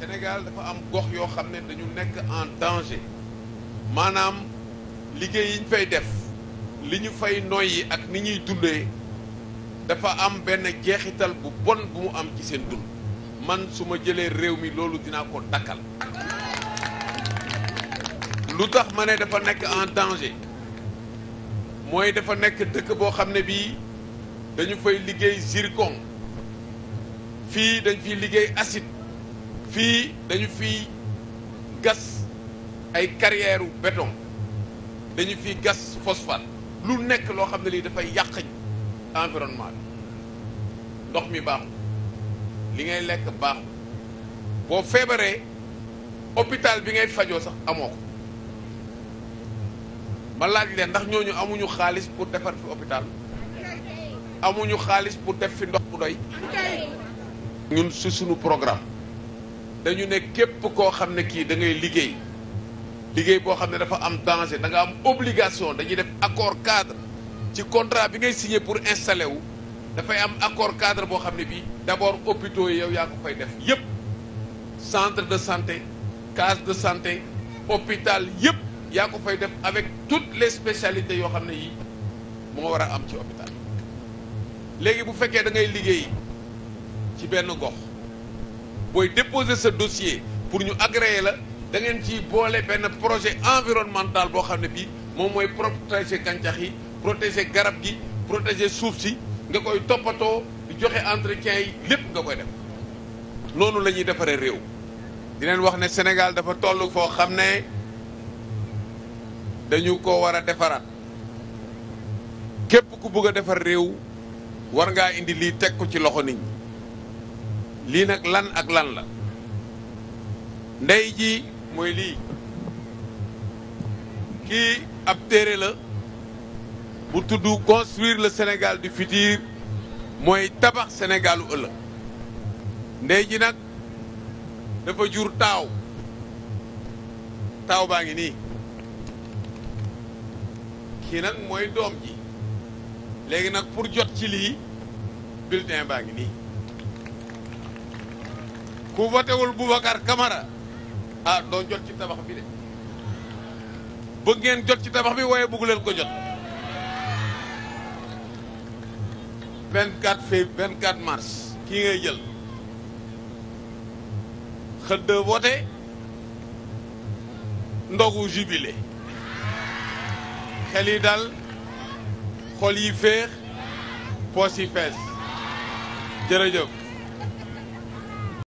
Sénégal dafa am gox yoo xam ne dañu nekk en danger maanaam liggéey yi ñu fay def li ñu fay noyyi ak ni ñuy dundee dafa am benn jeexital bu bon bu mu am ci seen dund man su ma jëlee réew mi loolu dina ko dakkal lu tax ma ne dafa nekk en danger mooy dafa nekk dëkk boo xam ne bii dañu fay liggéey zircon fii dañ fiy liggéey acide fii dañu fi gas ay carrière béton dañu fi gas phosphate lu nekk loo xam ne lii dafay yàq environnement bi ndox mi baaxul li ngay lekk baaxul boo feebaree hôpital bi ngay fajoo sax amoo ko ma laaj leen ndax ñooñu amuñu xaalis pour defar fi hôpital amuñu xaalis pour def fi ndox bu doy ñun si suñu programme dañu ne képp koo xam ne kii dangay liggéey liggéey boo xam ne dafa am danger da nga am obligation dañuy def accord cadre ci contrat bi ngay signe pour installer wu dafay am accord cadre boo xam ne bii d'abord hôpitaux yi yow yaa ko fay def yépp centre de santé case de santé hôpital yépp yaa ko fay def avec toutes les spécialités yoo xam ne yi moo war a am ci hôpital léegi bu fekkee da ngay liggéey ci benn gox booy déposer sa dossier pour ñu agréer la da ngeen ci boole benn projet environnemental boo xam ne bii moom mooy protéger gàncax yi protéger garab gi protéger suuf si nga koy toppatoo di joxe entretien yi lépp nga koy def noonu la ñuy defaree réew dineen wax ne Sénégal dafa toll foo xam ne dañu ko war a defaraat képp ku bëgg a defar réew war ngaa indi lii teg ko ci loxo nit ñi lii nag lan ak lan la ndey ji mooy lii kii ab téere la bu tudd construire le Sénégal du futur mooy tabax Sénégalu ëllëg ndey ji nag dafa jur taaw taaw baa ngi nii kii nag mooy doom ji léegi nag pour jot ci lii bulletin baa ngi nii ku votewul Boubacar Camara ah doo jot ci tabax bi de bëgg ngeen jot ci tabax bi waaye bëggu leen ko jot 24 février 24 mars kii ngay jël xëdd vote ndogu jubilé xel yi dal xol yi féex poos yi fees jërëjëf